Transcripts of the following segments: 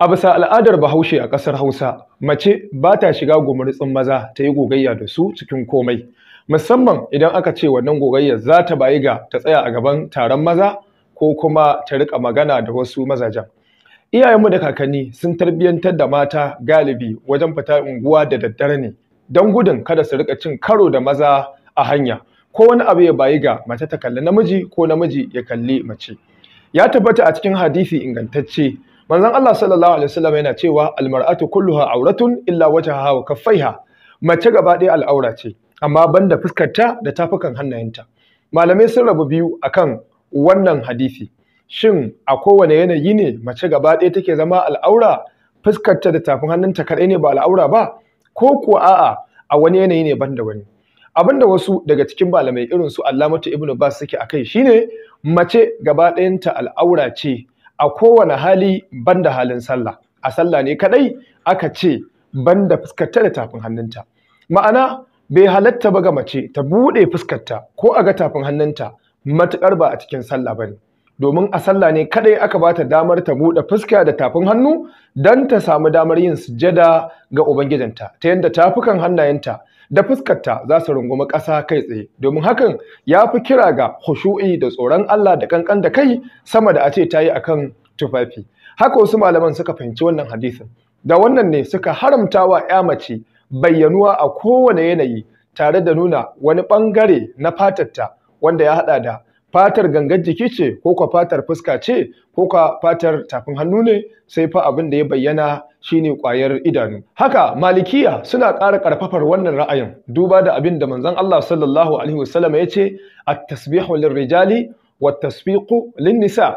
A bisa al'adar Bahaushe a ƙasar Hausa, mace ba ta shiga gumurtsin maza ta yi gogayya da su cikin komai, musamman idan aka ce wannan gogayyar za ta bayi ga ta tsaya a gaban taron maza ko kuma ta riƙa magana da wasu mazajen. Iyayenmu da kakanni sun tarbiyyantar da mata galibi wajen fita unguwa da daddare ne, don gudun kada su riƙa cin karo da maza a hanya, ko wani abu ya bayi ga mace ta kalli namiji ko namiji ya kalli mace. Ya tabbata a cikin hadisi ingantacce manzon Allah sallallahu alaihi wasallam yana cewa almar'atu kulluha auratun illa wajhaha wa kaffaiha mace gaba ɗaya al'aura ce amma banda fuskarta da tafukan hannayenta malamai sun rabu biyu a kan wannan hadisi shin a kowane yanayi ne mace gaba ɗaya take zama al'aura fuskarta da tafin hannunta kaɗai ne ba al'aura ba ko kuwa a'a a wani yanayi ne banda wani abin da wasu daga cikin malamai irin su Allamatu Ibn Bas suke akai ne mace gaba ɗayanta al'aura ce a kowane hali banda halin sallah a sallah ne kadai aka ce banda fuskarta da tafin hannunta ma'ana bai halatta ba ga mace ta buɗe fuskarta ko a ga tafin hannunta matukar ba a cikin sallah bane domin a sallah ne kadai aka bata damar ta buɗe fuska da tafin hannu dan ta samu damar yin sujjada ga ubangijinta ta yanda tafukan hannayenta da fuskarta za su rungumi ƙasa kai tsaye domin hakan ya fi kira ga hushu'i da tsoron Allah da kankan da kai sama da a ce ta yi a kan tufafi haka wasu malaman suka fahimci wannan hadisin da wannan ne suka haramta wa ya mace bayyanuwa a kowane yanayi tare da nuna wani ɓangare na fatarta wanda ya haɗa da fatar gangan jiki ce ko kwa fatar fuska ce ko kwa fatar tafin hannu ne sai fa abin da ya bayyana shine kwayar idanu haka malikiya suna ƙara ƙarfafar wannan ra'ayin duba da abin da manzon Allah sallallahu alaihi wasallam ya ce at-tasbihu lirrijali wat-tasbiqu lin-nisa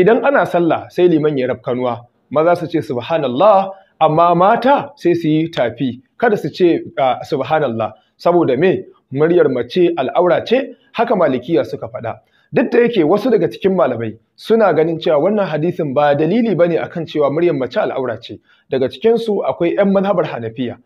idan ana sallah sai liman ya rafkanuwa maza su ce subhanallah amma mata sai su yi tafi kada su ce ah, subhanallah saboda me muryar mace al'aura ce haka malikiya suka faɗa duk da yake wasu daga cikin malamai suna ganin cewa wannan hadisin ba dalili bane akan cewa muryar mace al'aura ce daga cikin su akwai yan manhabar hanafiya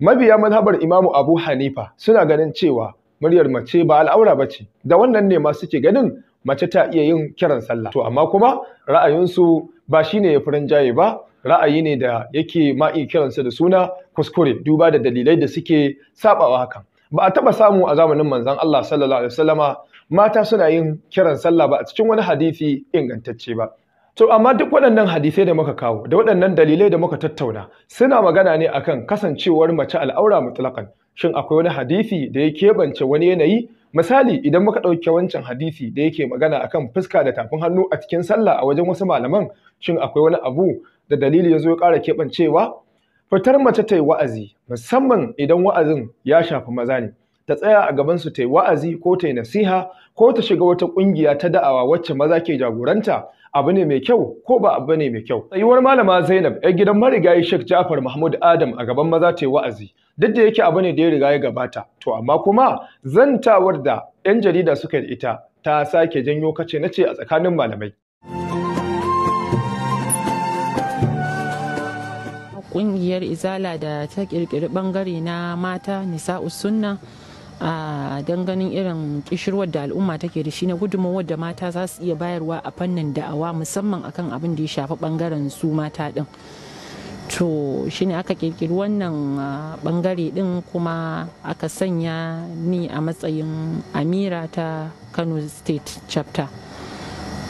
mabiya manhabar imamu abu hanifa suna ganin cewa muryar mace ba al'aura bace da wannan ne ma suke ganin mace ta iya yin kiran sallah to amma kuma ra'ayinsu ba shine ya furin jaye ba ra'ayi ne da yake ma iya kiransa da suna kuskure duba da dalilai da suke sabawa hakan ba a taba samu a zamanin manzon Allah sallallahu alaihi wasallama mata suna yin kiran sallah ba a cikin wani hadisi ingantacce ba to amma duk waɗannan hadisai da muka kawo da waɗannan dalilai da muka tattauna suna magana ne akan kasancewar mace al'aura mutlaqan shin akwai wani hadisi da ya keɓance wani yanayi misali idan muka ɗauke wancan hadisi da yake magana akan fuska da tafin hannu a cikin sallah a wajen wasu malaman shin akwai wani abu da dalili ya zo ya ƙara keɓancewa fitar mace ta yi wa'azi musamman idan wa'azin ya shafi maza ne ta tsaya a gabansu ta yi wa'azi ko ta yi nasiha ko ta shiga wata ƙungiya ta da'awa wacce maza ke jagoranta abu ne mai kyau ko ba abu ne mai kyau. Tsayuwar malama Zainab ‘yar gidan marigayi Sheikh Jafar Mahmud Adam a gaban maza ta yi wa'azi duk da yake abu ne da ya riga ya gabata. To amma kuma zantawar da ‘yan jarida suka yi ita ta sake janyo kace na ce a tsakanin malamai. Ƙungiyar Izala da ta ƙirƙiri ɓangare na mata Nisa'u Sunna a don ganin irin kishirwar da al'umma take da shi na gudunmawar da mata za su iya bayarwa a fannin da'awa musamman akan abin da ya shafi bangaren su mata din to shi ne aka kirkiri wannan bangare din kuma aka sanya ni a matsayin amira ta kano state chapter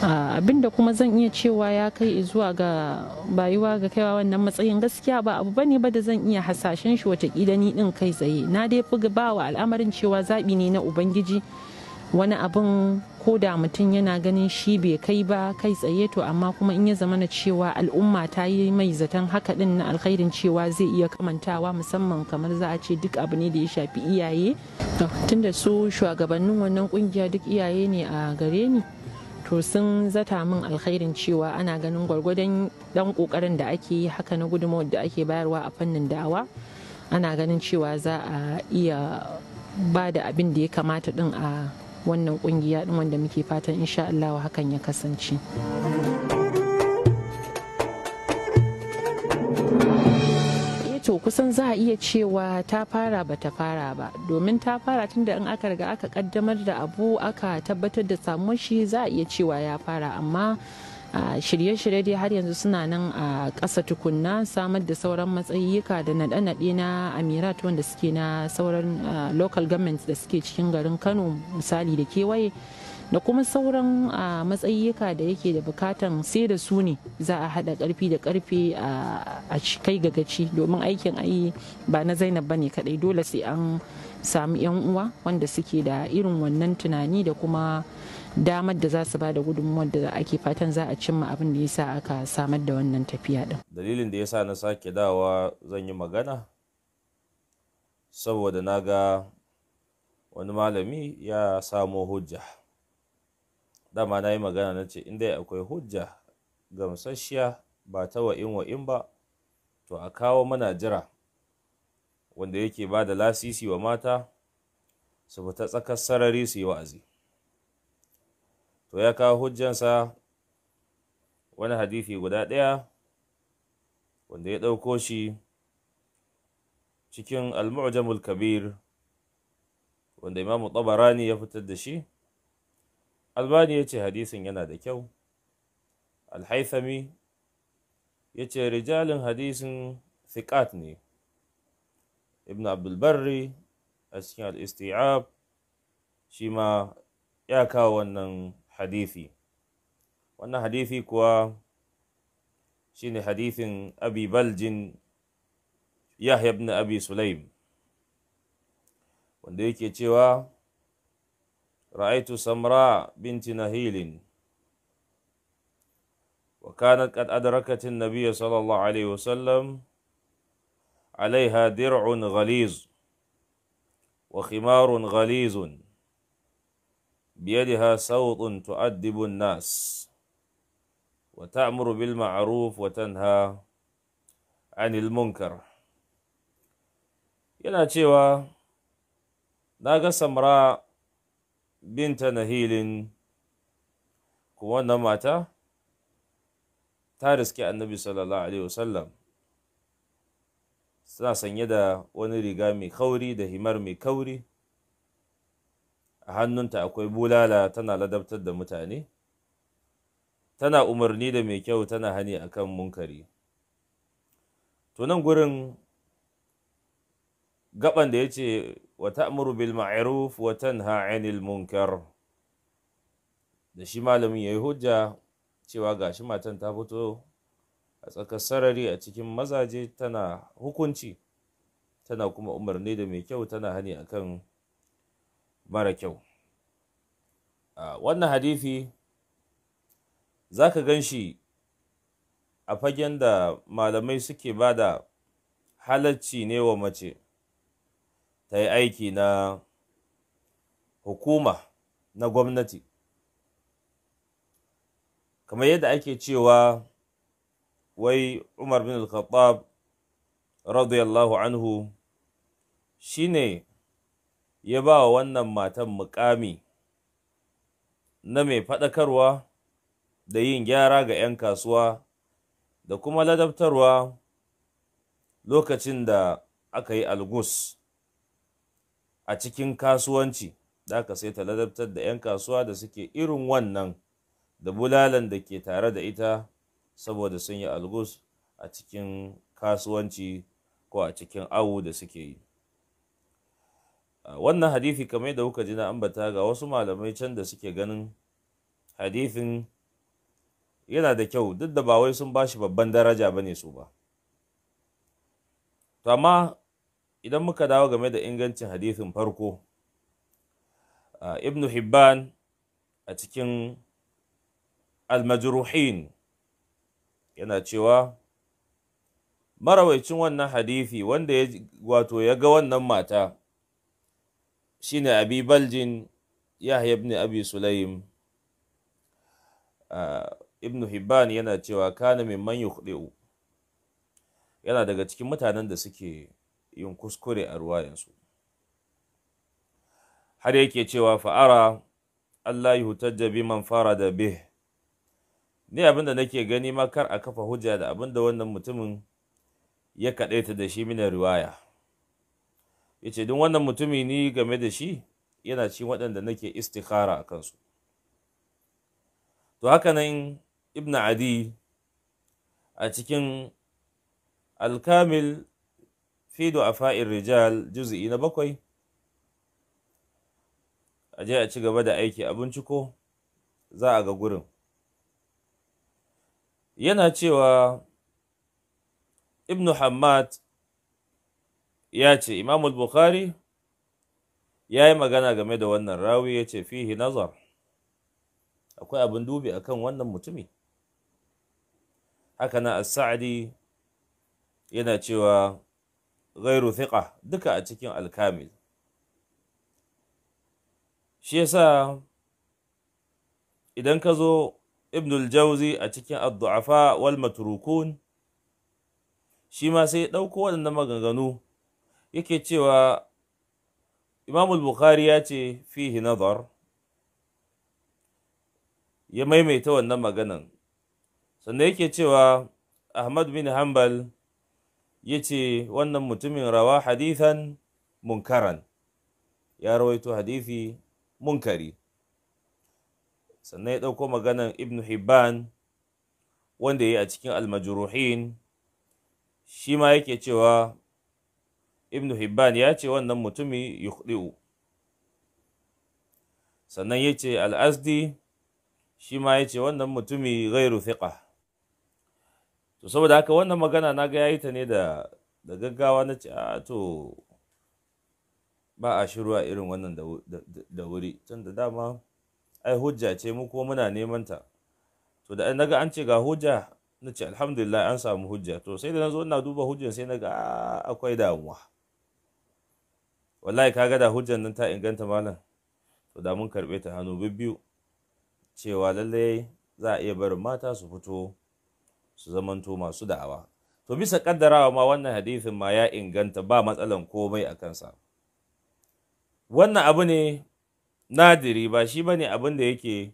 abinda kuma zan iya cewa ya kai zuwa ga bayuwa ga kaiwa wannan matsayin gaskiya ba abu bane ba da zan iya hasashen shi watakila ni din kai tsaye na dai fi ba wa al'amarin cewa zaɓi ne na ubangiji wani abin ko da mutum yana ganin shi bai kai ba kai tsaye to amma kuma in ya zama na cewa al'umma ta yi mai zaton haka din na alkhairin cewa zai iya kamantawa musamman kamar za a ce duk abu ne da ya shafi iyaye tunda su shugabannin wannan kungiya duk iyaye ne a gare ni to sun zata min alkhairin cewa ana ganin gwargwadon dan kokarin da ake yi haka na gudunmawar da ake bayarwa a fannin da'awa ana ganin cewa za a iya ba da abin da ya kamata din a wannan kungiya din wanda muke fatan insha Allah hakan ya kasance. kusan za a iya cewa ta fara ba ta fara ba domin ta fara tunda in aka riga aka kaddamar da abu aka tabbatar da samun shi za a iya cewa ya fara amma shirye-shirye dai har yanzu suna nan a ƙasa tukunna samar da sauran matsayika da naɗe-naɗe na amirat wanda suke na sauran local governments da suke cikin garin kano misali da kewaye da kuma sauran matsayika da yake da bukatan sai da su ne za a hada karfi da karfe a kai ga gaci domin aikin ayi ba na zainab ba ne kadai dole sai an samu yan uwa wanda suke da irin wannan tunani da kuma damar da za su ba da gudunmuwar da ake fatan za a cimma abin da ya sa aka samar da wannan tafiya din dalilin da ya sa na sake dawa zan yi magana saboda na ga wani malami ya samo hujja dama na yi magana na ce in dai akwai hujja gamsasshiya ba ta wa'in wa'in ba to a kawo mana jira wanda yake ba da lasisi wa mata su fita tsakar sarari su yi wa'azi to ya kawo hujjansa wani hadifi guda ɗaya wanda ya ɗauko shi cikin al-mu'jamul kabir wanda imamu tabarani ya fitar da shi albani ya ce hadisin yana da kyau alhaithami ya ce rijalin hadisin thiqat ne ibn abdulbarri a cikin al'isti'ab shi ma ya kawo wannan hadithi wannan hadithi kuwa shi ne hadithin abi baljin yahya ibn abi sulaim wanda yake cewa رأيت سمراء بنت نهيل وكانت قد أدركت النبي صلى الله عليه وسلم عليها درع غليظ وخمار غليظ بيدها سوط تؤدب الناس وتأمر بالمعروف وتنهى عن المنكر ينا تشيوا ناقا سمراء binta na nahilin kuma wannan mata ta riske annabi sallallahu alaihi wasallam suna sanye da wani riga mai kauri da himar mai kauri a hannunta akwai bulala tana ladabtar da mutane tana umarni da mai kyau tana hani akan munkari to nan gurin gaban da ya ce وتأمر بالمعروف وتنهى عن المنكر da shi malamin ya yi hujja cewa ga shi matan ta fito a tsakar sarari a cikin mazaje tana hukunci tana kuma umarni da mai kyau tana hani akan mara kyau wannan hadisi za ka gan shi a fagen da malamai suke ba da halarci ne wa mace ta yi aiki na hukuma na gwamnati kamar yadda ake cewa wai umar bin al-khattab radiyallahu anhu shine ya ba wa wannan matan mukami na mai faɗakarwa da yin gyara ga 'yan kasuwa da kuma ladabtarwa lokacin da aka yi algus a cikin kasuwanci da ka sai ta ladabtar da 'yan kasuwa da suke irin wannan da bulalan da ke tare da ita saboda sun yi algus a cikin kasuwanci ko a cikin awu da suke yi wannan hadifi kamar da kuka jina na ambata ga wasu malamai can da suke ganin hadifin yana da kyau duk da ba wai sun ba shi babban daraja ba ne su ba to idan muka dawo game da ingancin hadisin farko ah, ibn hibban a cikin almajruhin yana cewa marawaicin wannan hadisi wanda ya wato ya ga wannan mata shine abi baljin yahya ibn abi sulaim ah, ibn hibban yana cewa kana mimman yukhdi'u yana daga cikin mutanen da suke yin kuskure a ruwayensu. har yake cewa fa'ara Allah yi hutajja bi man fara da bih ni abin da nake gani ma kar a kafa hujja da abin da wannan mutumin ya kaɗaita da shi mina riwaya ya ce don wannan mutumi ni game da shi yana ci waɗanda nake istikhara a kansu to haka nan ibn adi a cikin alkamil a du'afa'ir rijal juz'i na bakwai Aje a ci gaba da aiki a binciko za a ga gurin yana cewa ibnu hammad ya ce imamul bukhari ya yi magana game da wannan rawi ya ce fihi nazar akwai abin dubi akan wannan mutumi haka na as yana cewa ghairu thiqa duka a cikin alkamil shi yasa idan ka zo ibnul jauzi a cikin addu'afa wal matrukun shi ma sai ya ɗauko waɗannan maganganu yake cewa imamul bukhari ya ce fihi nazar ya maimaita wannan maganan sannan yake cewa ahmad bin hanbal Yace wannan mutumin rawa hadithan munkaran ya rawaito hadithi munkari sannan ya ɗauko maganan ibn hibban wanda ya yi a cikin almajuruhin shi ma yake cewa ibn hibban ya ce wannan mutumi yukdiu sannan ya ce al'azdi shi ma ya ce wannan mutumi gairu thiqah to saboda haka wannan magana na ga yayi ta ne da da gaggawa na ce to ba a shiru a irin wannan da wuri tun da dama ai hujja ce mu ko muna neman ta to da naga an ce ga hujja na ce alhamdulillah an samu hujja to sai da na zo ina duba hujjan sai naga akwai damuwa wallahi kaga da hujjan nan ta inganta malam to da mun karɓe ta hannu bibbiyu cewa lallai za a iya barin mata su fito su zamanto masu da'awa to bisa kaddarawa ma wannan hadithin ma ya inganta ba matsalan komai a kansa wannan abu ne nadiri ba shi ne abin da yake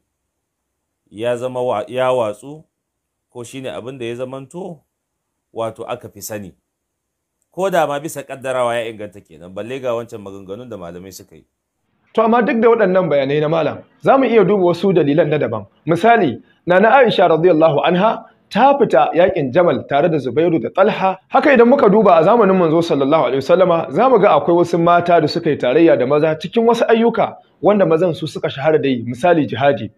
ya zama ya watsu ko ne abin da ya zamanto wato aka fi sani ko da ma bisa kaddarawa ya inganta kenan balle ga wancan maganganun da malamai suka yi To amma duk da waɗannan bayanai na malam, za mu iya duba wasu dalilan na daban. Misali, na Aisha radiyallahu anha ta fita yakin Jamal tare da Zubairu da Talha haka idan muka duba a zamanin manzo sallallahu alaihi wasallama zamu ga akwai wasu mata da suka yi tarayya da maza cikin wasu ayyuka wanda mazan su suka shahara da yi misali jihadi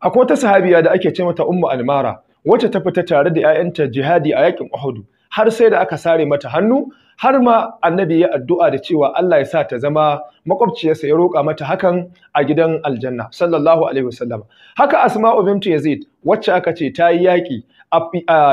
akwai wata sahabiya da ake ce mata Ummu Almara wacce ta fita tare da 'ya'yanta jihadi a yakin Uhud har sai da aka sare mata hannu har ma annabi ya addu'a da cewa Allah ya sa ta zama makwabciyarsa ya roƙa mata hakan a gidan aljanna sallallahu alaihi wasallam haka asma'u bintu yazid wacce aka ce ta yi yaƙi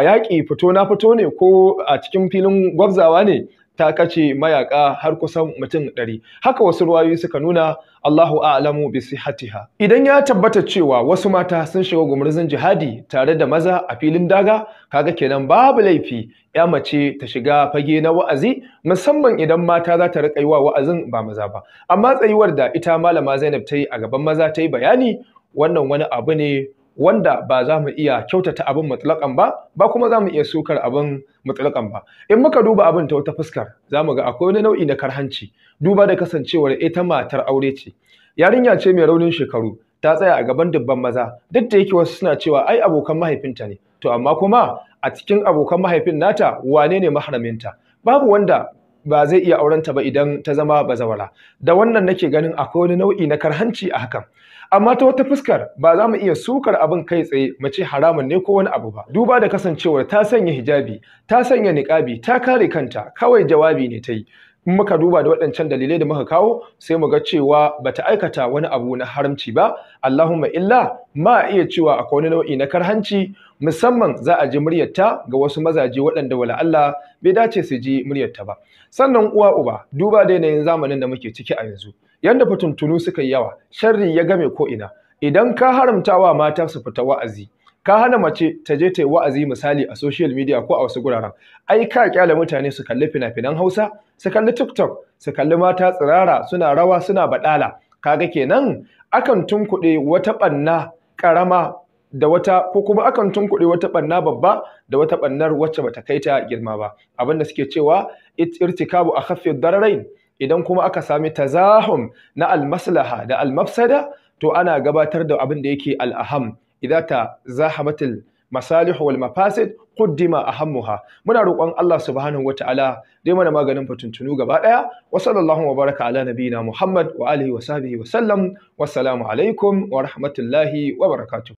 yaƙi fito na fito ne ko a cikin filin gwabzawa ne ta kace mayaka har kusan mutum ɗari haka wasu ruwayoyi suka nuna Allahu a'lamu bi sihhatiha idan ya tabbata cewa wasu mata sun shiga gumurzin jihadi tare da maza a filin daga kaga kenan babu laifi ya mace ta shiga fage na wa'azi musamman idan mata za ta riƙa yi wa wa'azin ba maza ba amma tsayuwar da ita malama Zainab ta yi a gaban maza ta yi bayani wannan wani abu ne wanda ba za mu iya kyautata abin mutlaƙan ba ba kuma za mu iya sukar abin mutlaƙan ba in muka duba abin ta wata fuskar za mu ga akwai wani nau'i na karhanci duba da kasancewar ita matar aure ce yarinya ce mai raunin shekaru ta tsaya a gaban dubban maza duk da yake wasu suna cewa ai abokan mahaifinta ne to amma kuma a cikin abokan mahaifin nata wane ne maharaminta babu wanda ba zai iya aurenta ba idan ta zama bazawara da wannan nake ganin akwai wani nau'i na karhanci a hakan amma ta wata fuskar ba za mu iya sukar abin kai tsaye mu ce haramun ne ko wani abu ba duba da kasancewar ta sanya hijabi ta sanya niqabi ta kare kanta kawai jawabi ne ta yi in muka duba da waɗancan dalilai da muka kawo sai mu ga cewa bata aikata wani abu na haramci ba Allahumma illa ma iya cewa akwai wani nau'i na karhanci musamman za a ji muryarta ga wasu mazaje waɗanda wala Allah bai dace su ji muryarta ba sannan uwa uba duba da yanayin zamanin da muke ciki a yanzu yanda fatuntunu suka yi yawa sharri ya game ko ina idan ka haramta wa mata su fita wa'azi ka hana mace ta je ta yi wa'azi misali a social media ko a wasu guraren ai ka kyale mutane su kalli fina-finan Hausa su kalli TikTok su kalli mata tsirara suna rawa suna badala kaga kenan akan tunkuɗe wata ɓanna ƙarama da wata ko kuma akan tunkuɗe wata ɓanna babba da wata ɓannar wacce bata kai ta girma ba abinda suke cewa irtikabu a khaffid dararain idan kuma aka sami tazahum na almaslaha da almafsada to ana gabatar da abin da yake al'aham idan ta zahamatil masalihu wal mafasid quddima ahammuha muna roƙon Allah subhanahu wataala dai mana maganin fatuntunu gaba daya wa sallallahu wa baraka ala nabiyina Muhammad wa alihi wa sahbihi wa sallam wassalamu alaikum wa rahmatullahi wa barakatuh